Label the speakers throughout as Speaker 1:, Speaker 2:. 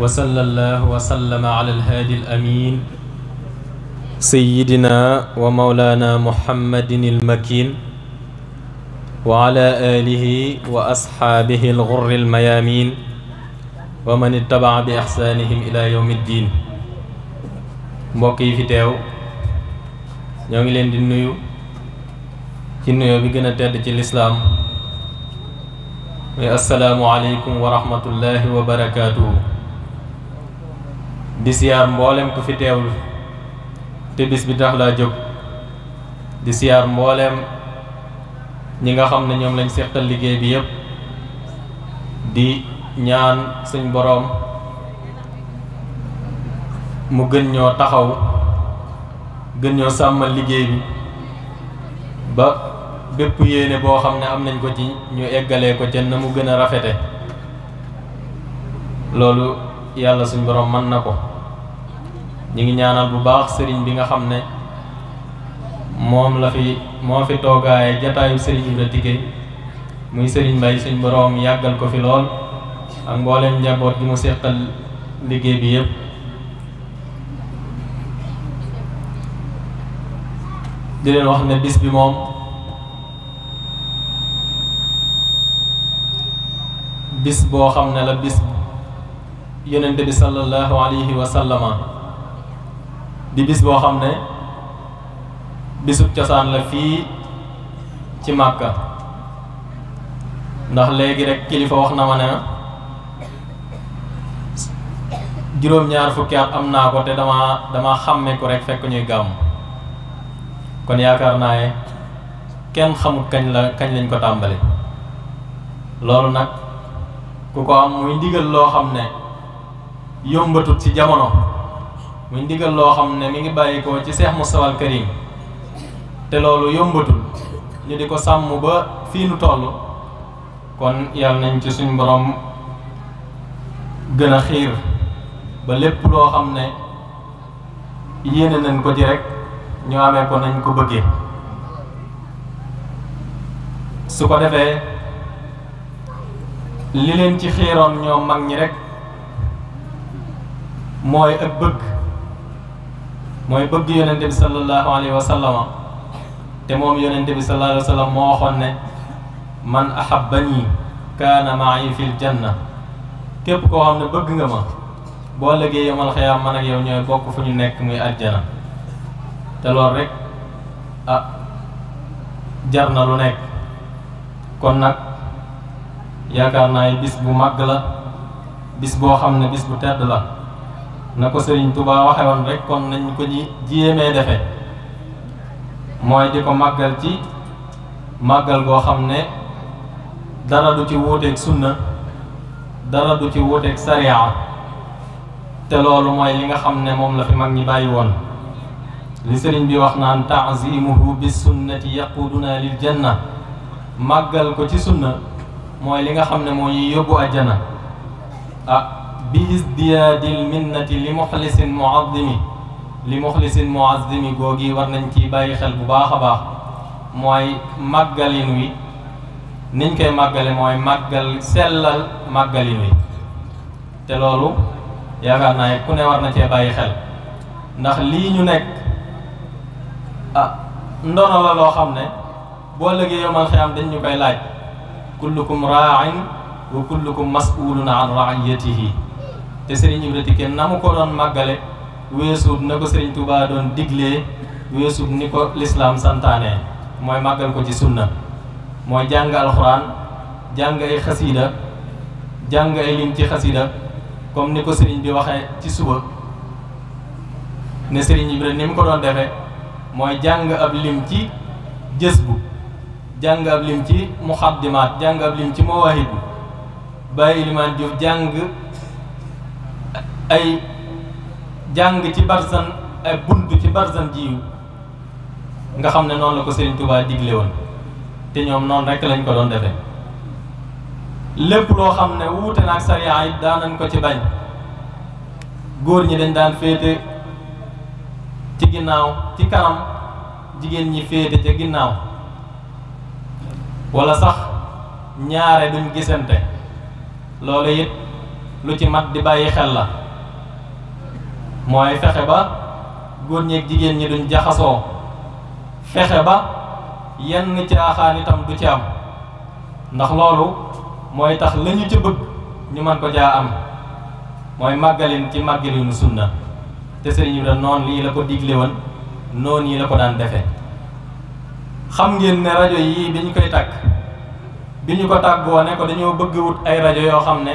Speaker 1: وصلى الله وسلم على الهادي الأمين سيدنا ومولانا محمد المكين وعلى آله وأصحابه الغر الميامين ومن اتبع بإحسانهم إلى يوم الدين mbokk yi fi teew ñoo ngi leen di nuyu ci nuyoo bi gën a tedd ci di siyaar mboolem ku fi teewul te bis bi tax laa jóg di siyaar mboolem ñi nga xam ne ñoom lañ settal liggéey bi yépp di ñaan suñ boroom mu gën ñoo taxaw gën ñoo sàmmal liggéey bi ba bépp yéene boo xam ne am nañ ko ci ñu eggalee ko ca na mu gën a rafete loolu yalla suñu borom man nako ñi ngi ñaanal bu baax sëriñ bi nga xamne ne moom la fi mo fi togaay jotaay sëriñ la tigé muy sëriñ Mbay suñu borom yagal ko fi lool ak mbolem njabot gi mu sékkal liggé bi yépp di leen wax ne bis bi moom bis boo xam ne la bis yonent bi sallallahu alayhi wa sallama di bis boo xam ne bisub cosaan la fii ci Màkka ndax léegi rek kilifa wax na ma ne juróom-ñaar fukki at am naa ko te dama dama xàmme ko rek fekk ñuy gàmm kon yaakaar naa ne kenn xamut kañ la kañ lañ ko tàmbali loolu nag ku ko am muy ndigal loo xam ne yombatut ci jamono muy ndigal loo xam ne mu ngi bàyyikoo ci Seex Mustafa al Karim te loolu yombatul ñu di ko sàmm ba fii nu toll kon yàlla nañ ci suñ borom gën a xiir ba lépp loo xam ne yéene nañ ko ci rek ñu amee ko nañ ko bëggee su ko defee li leen ci xiiroon ñoom mag ñi rek mooy ak bëgg mooy bëgg yonente bi sallallahu alayhi wa sallama te moom yonente bi sallallahu alayhi wa sallam moo waxoon ne man ahabbani kaana ma'i fil janna képp koo xam ne bëgg nga ma boo liggéey yomal xiyaam man ak yow ñooy bokk fa ñu nekk muy àjjana te loolu rek ah, jar na lu nekk kon nag yaakaar naa bis bu màgg la bis boo xam ne bis bu tedd la na ko sëriñ Touba waxe woon rek kon nañ ko ñi jéemee defe mooy di ko màggal ci màggal goo xam ne dara du ci wuuteeg sunna dara du ci wuuteeg sariya te loolu mooy li nga xam ne moom la fi mag ñi bàyyi woon li sëriñ bi wax naan taazimuhu bi sunnati yaquduna lil janna màggal ko ci sunna mooy li nga xam ne moo ñuy yóbbu àjjana ah بازدياد المنة لمخلص معظم لمخلص معظم جوجي ورنن كي باي خلق باخ باخ موي مغالين وي نين كي مغال موي مغال سلال مغالين وي تلولو يا غانا يكون ورنا كي باي خل ناخ لي ني نيك ا ندون لا لو خامني بو لغي يوم الخيام دنج نكاي لاج كلكم راع وكلكم مسؤول عن رعيته te Serigne Ibra Tické na mu ko doon màggale weesuut na ko Serigne Touba doon diglee weesuut ni ko lislaam santaane mooy màggal ko ci sunna mooy jàng alxuraan jàng ay xasiida jàng ay lim ci xasiida comme ni ko Serigne bi waxe ci suba ne Serigne Ibra ni mu ko doon defee mooy jàng ab lim ci jës bu jàng ab lim ci muxaddimaat jàng ab lim ci mawaahib bu bàyyi limaan jàng ay jàng ci barzan ay bunt ci barzan jiw nga xam ne noonu la ko seen Touba digle woon te ñoom noonu rek lañ ko doon defe lépp loo xam ne wuute naa ak sariya it daan nañ ko ci bañ góor ñi dañ daan féete ci ginnaaw ci kanam jigéen ñi féete ca ginnaaw wala sax ñaare duñ gisante loolu it lu ci mat di bàyyi xel la. mooy fexe ba góor ñeeg jigéen ñi duñ jaxasoo fexe ba yenn caaxaan itam du ci am ndax loolu mooy tax lañu ñu ca bëgg ñu mën ko jaa am mooy màggalin ci màggalinu sunna te sëriñ bi da noon lii la ko digle woon noon yi la ko daan defe xam ngeen ne rajo yii bi ñu koy tàkk bi ñu ko tàggoo ne ko dañoo bëgg wut ay rajo yoo xam ne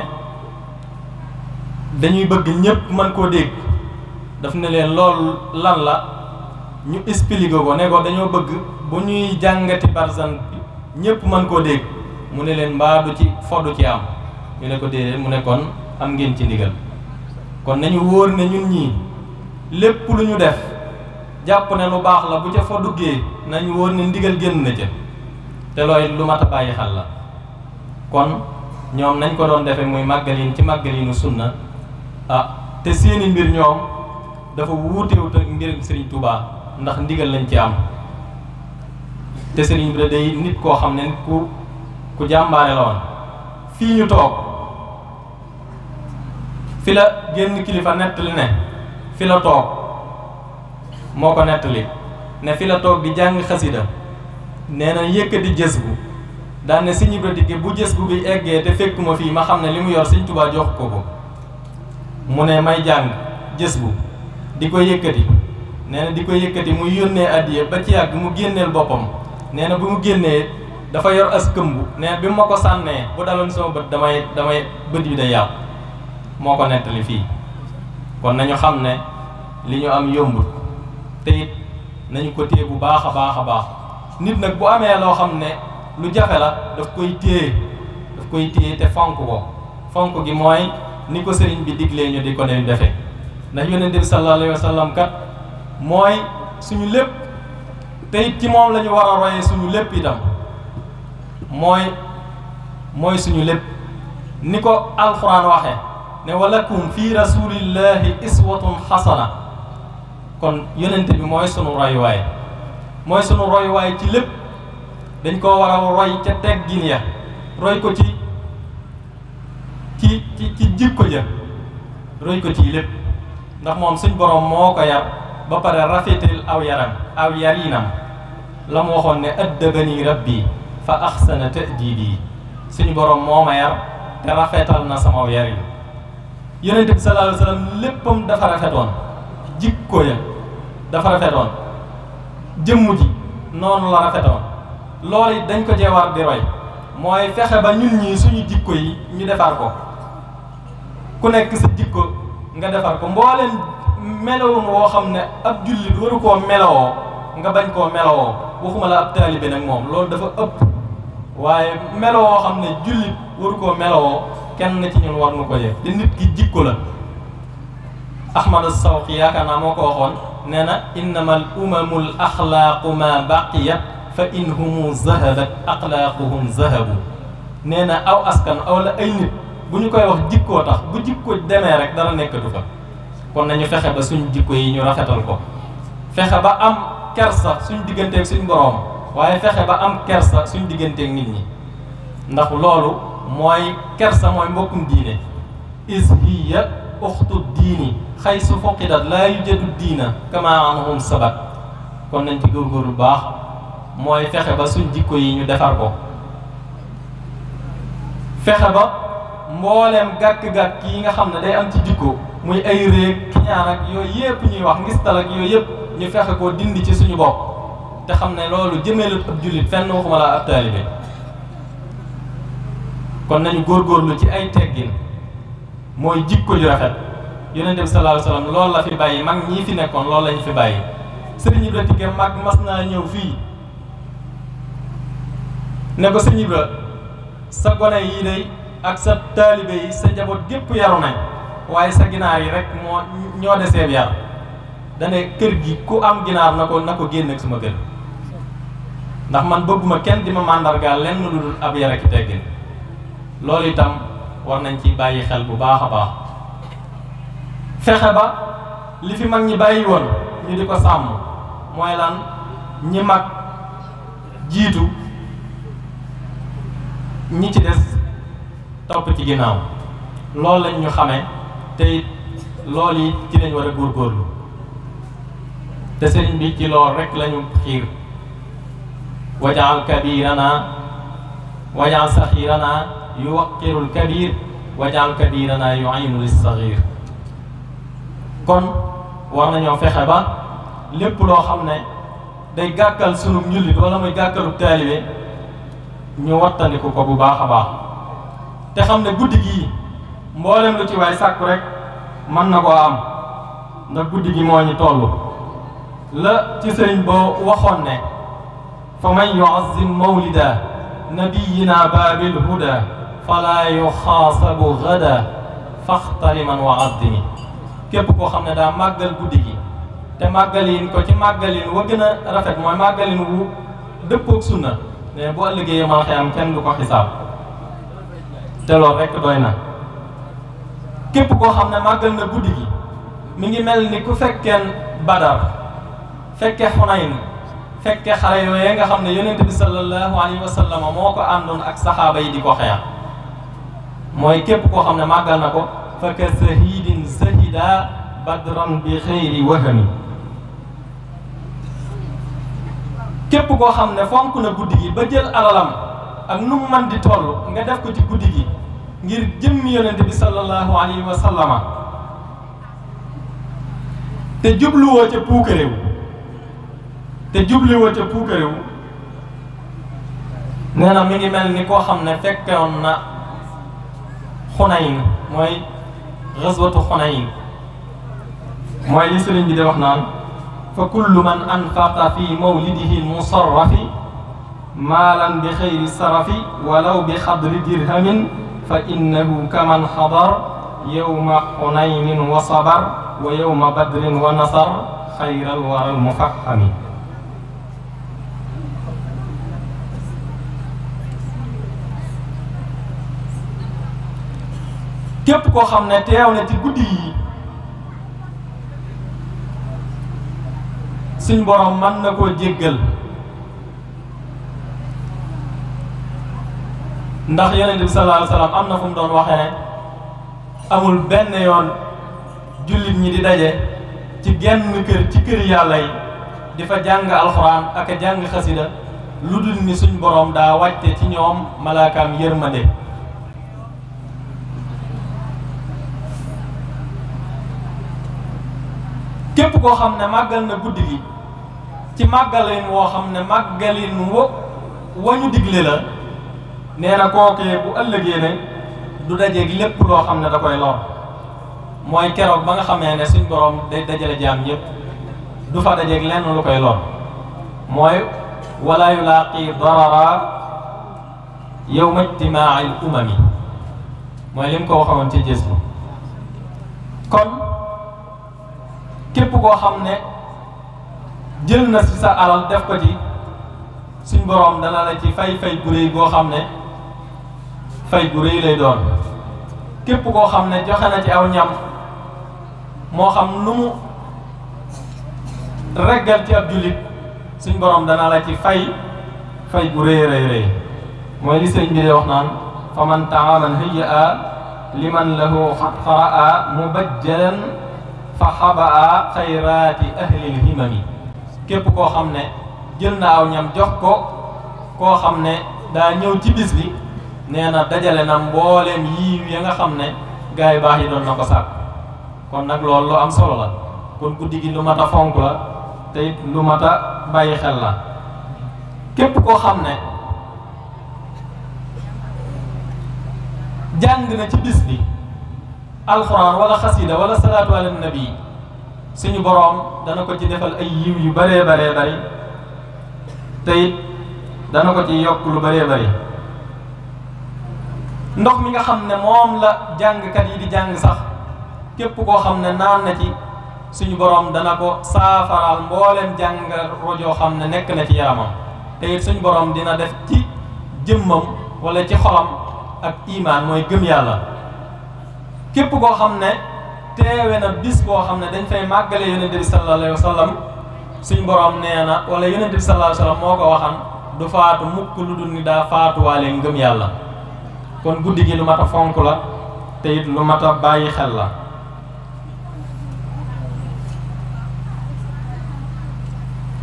Speaker 1: dañuy bëgg ñépp mën koo dégg daf ne leen loolu lan la ñu expliqué ko ne ko dañoo bëgg bu ñuy jàngati barzan bi ñëpp mën koo dégg mu ne leen mbaa ci foddu ci am ñu ne ko déedéet mu ne kon am ngeen ci ndigal kon nañu wóor ne ñun ñii lépp lu ñu def jàpp ne lu baax la bu ca fa duggee nañu wóor ne ndigal génn na ca te looy lu mat a bàyyi xel la kon ñoom nañ ko doon defee muy màggalin ci màggalinu sunna ah te seeni mbir ñoom dafa wuuteewut ak mbiram sëriñ Touba ndax ndigal lañu ci am te sëriñ bi day nit koo xam ne ku ku jàmbaare la woon fii ñu toog fi la génn kilifa nettali ne fi la toog moo ko nettali ne fi la toog di jàng xasida nee na yëkkati jës bu daan ne sëñ Ibra Dikke bu jës bu bi eggee te fekkuma fii ma xam ne li mu yor sëñ Tuubaa jox ko ko mu ne may jàng jës bu di ko yëkkati nee na di ko yëkkati muy yónnee addiya ba ci yàgg mu génneel boppam nee na bi mu génnee dafa yor as këmb nee na ma ko sànnee bu daloon sama bët damay damay bët bi day yàqu moo ko nettali fii kon nañu xam ne li ñu am yombut te it nañu ko téye bu baax a baax a baax nit nag bu amee loo xam ne lu jafe la daf koy téye daf koy téye te fonk ko fonk gi mooy ni ko sëriñ bi digle ñu di ko dem defee ndax yonent bi sallallahu alayhi wa kat mooy suñu lépp te ci moom la ñu war a royee suñu lépp itam mooy mooy suñu lépp ni ko alquran waxe ne walakum fi rasulillahi iswatun xasana kon yonent bi mooy suñu royuwaay mooy suñu royuwaay ci lépp dañ ko war a roy ca teggin ya roy ko ci ci ci ci jikko ja roy ko ci lépp ndax moom suñ borom moo ko yar ba pare rafetal aw yaram aw yarinam la mu waxoon ne addabani rabbi fa axsana ta'dibi suñu borom moo ma yar te rafetal na sama aw yarin yonente bi sallallahu alayhi léppam dafa rafetoon jikko ya dafa rafetoon jëmm ji noonu la rafetoon loolu it dañ ko cee war di roy mooy fexe ba ñun ñii suñu jikko yi ñu defar ko ku nekk sa jikko nga defar ko mbooleen melowun woo xam ne ab jullit waru koo melowoo nga bañ koo melowoo waxuma la ab taalibe nag moom loolu dafa ëpp waaye melowoo xam ne jullit waru koo melowoo kenn ci ñun war na ko yëg di nit ki jikko la ahmad as-sawqi yaakaar naa moo ko waxoon nee na innama al umamu l axlaaqu ma baqiyat fa in humu zahabat axlaaquhum zahabu nee na aw askan aw la ay nit buñ koy wax jikko tax bu jikko démé rek dara du fa kon nañu fexe ba suñ jikko yi ñu rafetal ko fexe ba am kersa suñ ak suñ borom waye fexe ba am kersa suñ ak nit ñi ndax loolu moy kersa moy mbokum diine is hiya ukhtu dini khaysu su la yujadu diina kama anhum sabat kon nañ ci góorgóorlu baax moy fexe ba suñ jikko yi ñu defar ko fexe ba mbooleem gàkk-gàkk yi nga xam ne day am ci jikko muy ay réeg kiñaan ak yooyu yëpp ñuy wax ngistal ak yooyu yëpp ñu fexe ko dind ci suñu bopp te xam ne loolu jëmeelut ab jullit fenn waxuma laa ab taalibe kon nañu góorgóorlu ci ay teggin mooy jikko ju rafet yonente bi la alayhi wasallam loolu la fi bàyyi mag ñii fi nekkoon loolu lañu fi bàyyi sëriñ Ibra Tické mag mas naa ñëw fii ne ko sëriñ Ibra sa gone yi day ak sa taalibe yi sa jaboot gépp yaru nañ waaye sa ginaar yi rek moo ñoo deseeb yar dane kër gi ku am ginaar na ko na ko génn ak suma kër ndax man bëgguma kenn di ma màndargaal lenn lu dul ab yar ak teggin loolu itam war nañ ci bàyyi xel bu baax a baax fexe ba li fi mag ñi bàyyi woon ñu di ko sàmm mooy lan ñi mag jiitu ñi ci des top ci ginaaw lool lañ ñu xamé te lool yi ci lañ war gor góorgóorlu te señ bi ci lool rek lañu xir wajaal kabirana wajaal saxirana yu waqirul kabir wajaal kabirana yu aynu lis kon war nañu fexe ba lépp lo xamné day gàkkal sunu njullit wala muy gàkkalub talibé ñu wattandiku ko bu baaxa baax te xam ne guddi gii mboolem lu ci waay sàkku rek mën na koo am ndax guddi gi moo ñu toll la ci sëriñ boo waxoon ne fa man yuazzim mawlida nabiyina baabil huda fala yuxaasabu gada faxtari man wa addimi képp koo xam ne daa màggal guddi gi te màggalin ko ci màggalin wa gën a rafet mooy màggalin wu dëppoog sunna ne bu ëllëgee yomal xeyam kenn du ko xisaab te loolu rekk doy na képp koo na guddi gi mi ngi mel ku fekkeen badar fekke xunayn fekke xare yooyee nga xam ne yonent bi sallallahu alayhi wa sallam moo ak saxaaba yi di ko xeex mooy képp koo xam ne màggal na ko sahida badran bi xëyri wahami képp koo xam ne na guddi gi ba jël alalam ak nu man di toll nga def ko ci guddi gi ngir jëmm yonent bi sallallahu alayhi wa sallama te jubluwoo ca puukarewu te jubluwoo ca puukarewu nee na mi ngi mel ni koo xam ne fekkoon na xunayin mooy xaswatu xunayin mooy li sëriñ bi di wax naan fa kullu man anfaqa fi mawlidihi almusarrafi مالا بخير السرف ولو بخضر درهم فإنه كمن حضر يوم حنين وصبر ويوم بدر ونصر خير الورى المفحم كيف كو خامنا تيو نتي غودي سين بوروم نكو جيغل ndax yonent bi sallallahu alayhi am na fu mu doon waxe ne amul benn yoon jullit ñi di daje ci genn kër ci kër yàlla yi di fa jàng alxuraan ak a jàng xasida lu dul ni suñ boroom daa wàcce ci ñoom malaakaam yërmande képp koo xam ne màggal na guddi gi ci màggalin woo xam ne màggalin wo wañu digle la nee na kookee bu ëllëgee ne du dajeeg lépp loo xam ne da koy lor mooy keroog ba nga xamee ne suñ borom day dajale jaam ñëpp du fa dajeeg lenn lu koy lor mooy wala yulaaqi yow yowma ijtimaai l umami mooy li ko waxoon ci gis bu kon képp koo xam ne jël na si sa alal def ko ci suñ borom dana la ci fay-fay bu réy xam ne fay gu rëy lay doon képp koo xam ne joxe na ci aw ñam moo xam lu mu reggal ci ab jullit suñ borom dana la ci fay fay bu rëy rëy rëy mooy li sëñ bi de wax naan fa man taaman hayya liman lahu qaraa mubajjalan fa xabaa xayraati ahlil himami képp koo xam ne jël na aw ñam jox ko koo xam ne daa ñëw ci bis bi nee na dajale na mbooleem yiiw ya nga xam ne gaa yi baax yi doon na ko sàkk kon nag loolu lu am solo la kon guddi gi lu mat a fonk la tey lu mat a bàyyi xel la képp koo xam ne jàng na ci bis bi alxuraan wala xasida wala salaatu ala nabi suñu boroom dana ko ci defal ay yiw yu bëree baree bëri tey dana ko ci yokk lu bëree bari ndox mi nga xam ne moom la jàngkat yi di jàng sax képp koo xam ne naan na ci suñu borom dana ko saafaraal mbooleem jàng rojoo xam ne nekk na ci yaramam te suñu boroom dina def ci jëmmam wala ci xolam ak imaan mooy gëm yàlla képp koo xam ne teewe na bis koo xam ne dañ fay màggale yonente bi sallallahu alayhi wa sallam suñu boroom nee na wala yonente bi sallallahu alayhi wa sallam moo ko waxan du faatu mukk lu dul ni daa faatuwaale ngëm yàlla kon guddi gi lu mat a fonk la tey it lu mat a bàyyi xel la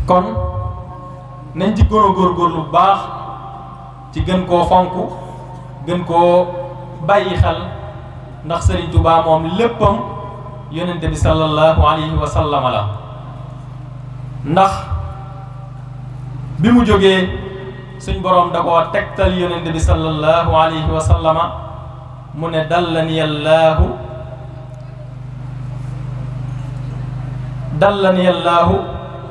Speaker 1: kon nañ ci gën góor góor lu baax ci gën koo fonk gën koo bàyyi xel ndax Sëriñ Tuubaa moom léppam yonente bi sallallahu alayhi wa la ndax bi mu jógee suñ boroom da koo tegtal yonent bi sallallahu alayhi wa sallama mu ne dallani allaahu dallani ala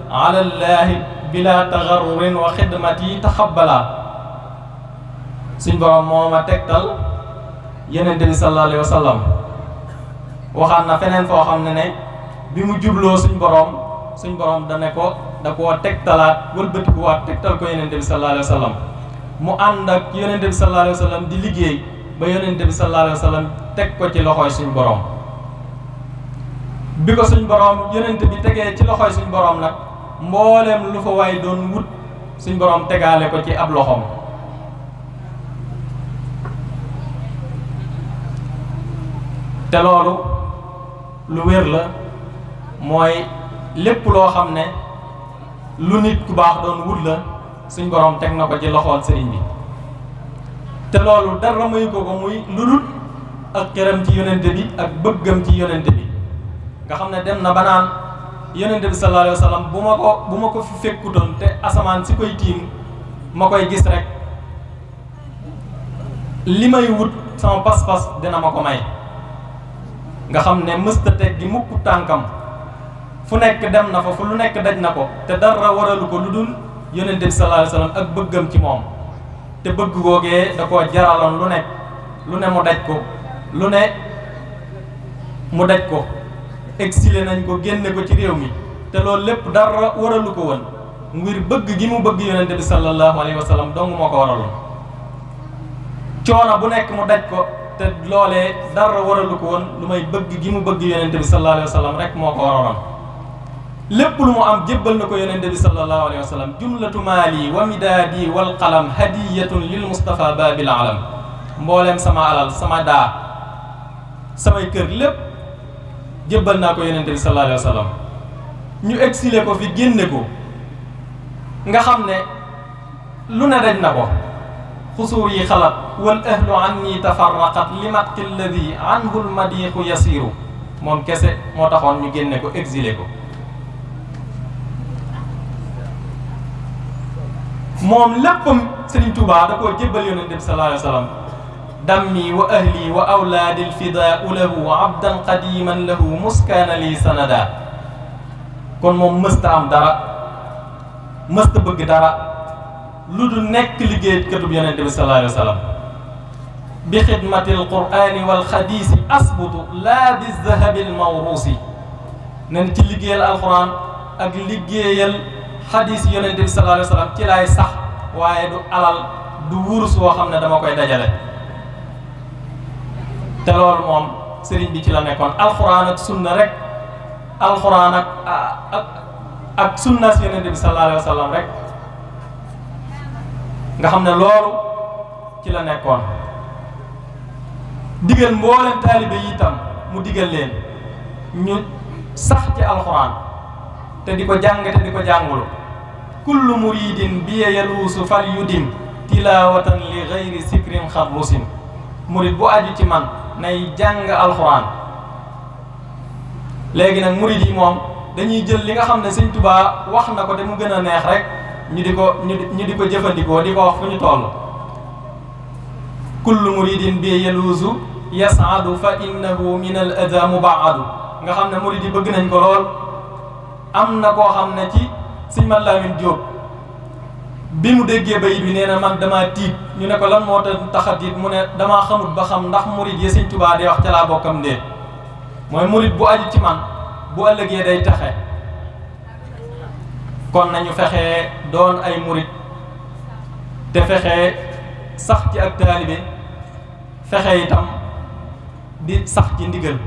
Speaker 1: allaahi bila tagarrurin wa xidmati taxabbalaa suñ boroom moo ma tegtal yonent bi sallallahu alayhi wa sallam waxaan na feneen foo ne ne bi suñ boroom suñ boroom da ko da koo tegtalaat wëlbatikuwaat tegtal ko yonente bi sallallahu alayhi wa sallam mu ànd ak yonente bi sallallahu alayhi di liggéey ba yonente bi sallallahu alayhi teg ko ci loxoy suñu borom bi ko suñ borom yonente bi tegee ci loxoy suñu boroom nag mbooleem lu fa waay doon wut suñ boroom tegaale ko ci ab loxoom te loolu lu wér la mooy lépp loo xam ne lu nit ku baax doon wut la suñ borom teg na ko ci loxool sëriñ bi te loolu dara muy ko ko muy lu dul ak xëram ci yonente bi ak bëggam ci yonente bi nga xam ne dem na ba naan yonente bi sallallahu alayhi wa bu ma ko bu ma ko fi fekkutoon te asamaan si koy tiim ma koy gis rek li may wut sama pas-pas dina ma ko may nga xam ne mësta teg gi mukk tànkam fu nekk dem na fa fu lu nekk daj na ko te dara waralu ko lu dul yonent bi sallallahu alayhi ak bëggam ci moom te bëgg googee da koo jaraloon lu nekk lu ne mu daj ko lu ne mu daj ko exilé nañ ko génne ko ci réew mi te loolu lépp dara waralu ko woon ngir bëgg gi mu bëgg yonent bi sallallahu alayhi wasallam dong moo ko waraloon coono bu nekk mu daj ko te loolee dara waralu ko woon lu may bëgg gi mu bëgg yonent bi sallallahu alayhi wasallam rek moo ko waraloon lépp lu mu am jébbal na ko yonente bi sallallahu alayhi wa sallam jumlatu maali wa midaadi wal qalam hadiyatun lil mustafa babil alam mbooleem sama alal sama daa samay kër lépp jébbal naa ko yonente bi sallallahu alayhi wa sallam ñu exilé ko fi génne ko nga xam ne lu ne daj na ko xusuur yi xalat wal ahlu an nii tafarraqat li matqi alladi anhu lmadiqu yasiru moom kese moo taxoon ñu génne ko exilé ko moom léppam Serigne Touba da koo jébbal yonent bi sallallahu alayhi wa sallam dammi wa ahli wa awlaadi alfidaau lahu abdan qadiman lahu muskaana li sanada kon moom mësta am dara mësta bëgg dara lu du nekk liggéey katub yonent bi sallallahu alayhi wa sallam bi xidmati alqurani walxadisi asbutu laa bizahabi almawruusi nen ci liggéeyal alquran ak liggéeyal xadiis yonente bi sallallahu alayhi wa sallam ci laay sax waaye du alal du wurus woo xam ne dama koy dajale te loolu moom sëriñ bi ci la nekkoon alxuraan ak sunna rek alxuraan ak ah, ak ak sunna si yonente bi sallallahu alayhi wa sallam rek nga xam ne loolu ci la nekkoon digal mbooleen taalibe yi itam mu digal leen ñu sax ci alxuraan te di ko jàng te di ko jàngul kullu muridin biya yaluusu fal yudim tilawatan li gayri sikrin xarrusin murid bu aju ci man nay jàng alxuraan léegi nag murid yi moom dañuy jël li nga xam ne sëñ Tuubaa wax na ko te mu gën a neex rek ñu di ko ñu di ko jëfandikoo di ko wax fu ñu toll kullu muridin bi yaluusu yasaadu fa innahu min al ada mubaadu nga xam ne murid yi bëgg nañ ko lool amna ko xamne ci seigne Mame Lamine Diop bi mu déggee bayit bi neena man dama tit ñu ne ko lan mo tax a mu ne dama xamut ba xam ndax mourid ye seigne touba day wax ci la bokam de moy mourid bu aji ci man bu ëllëgee day taxe kon nañu fexe doon ay mourid te fexe sax ci ak talibé fexe itam di sax ci ndigal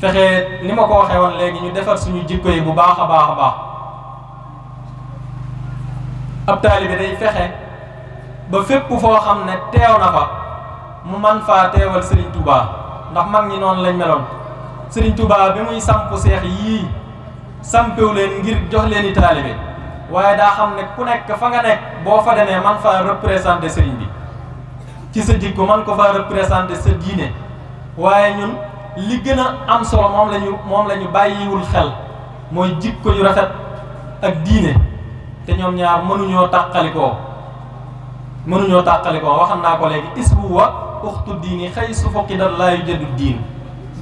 Speaker 1: fexe li ma ko waxee woon léegi ñu defar suñu jikko yi bu baax a baax a baax ab taalibe day fexe ba fépp foo xam ne teew na fa mu man faa teewal Serigne Touba ndax mag ñi noonu lañ meloon Serigne Touba bi muy samp seex yii sampew leen ngir jox leen i taalibe waaye daa xam ne ku nekk fa nga nekk boo fa demee man faa représenté Serigne bi ci sa jikko man ko faa représenté sa diine waaye ñun. li gën a am solo moom lañu moom la ñu bàyyiwul xel mooy jikko yu rafet ak diine te ñoom ñaar mënuñoo tàqalikoo mënuñoo tàqalikoo waxam naa ko léegi isbu wa uxtu diini xëy su fokki dal laayu jëddu diin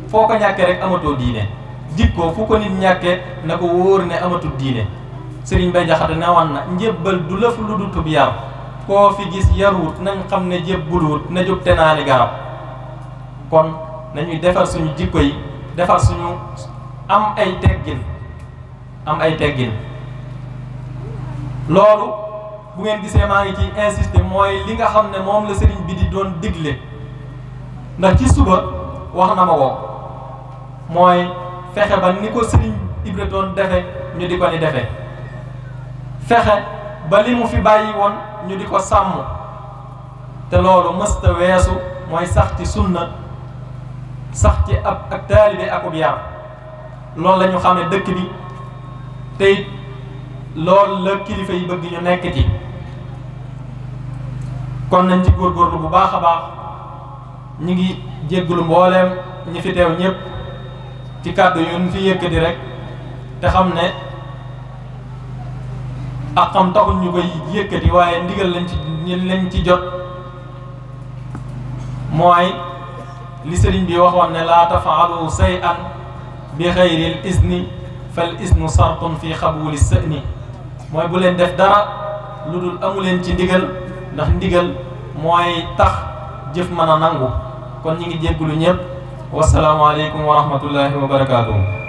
Speaker 1: foo ko ñàkkee rek amatoo diine jikko fu ko nit ñàkkee na ko wóor ne amatul diine sëriñ bay jaxate ne woon na njébbal du lëf lu dutub yar koo fi gis yaruwut nañ xam ne jébbaluwut na jóg te naa ni garab kon nañuy defar suñu jikko yi defar suñu am ay teggin am ay teggin loolu bu ngeen gisee maa ngi ci insister mooy li nga xam ne moom la sëriñ bi di doon digle ndax ci suba wax na ma ko mooy fexe ba ni ko sëriñ Ibra doon defe ñu di ko ni defe fexe ba li mu fi bàyyi woon ñu di ko sàmm te loolu mësta weesu mooy sax ci sunna sax ci ab ak taalibe akub yar loolu la ñu xam dëkk bi te it loolu la kilifa yi bëgg ñu nekk ci kon nañ ci góorgóorlu bu baax a baax ñu ngi jégglu mbooleem ñi fi teew ñëpp ci kàddu yu ñu fi yëkkati rek te xam ne ak xam taxul ñu koy yëkkati waaye ndigal lañ ci lañ ci jot mooy لسرين بيوخوان لا تفعلوا شيئا بغير الإذن فالإذن صرط في خبول السئن موي بولين ديف دارا لودول امولين سي ديغال ناخ ديغال موي تاخ جيف مانا نانغو كون نيغي ديغلو نيب والسلام عليكم ورحمه الله وبركاته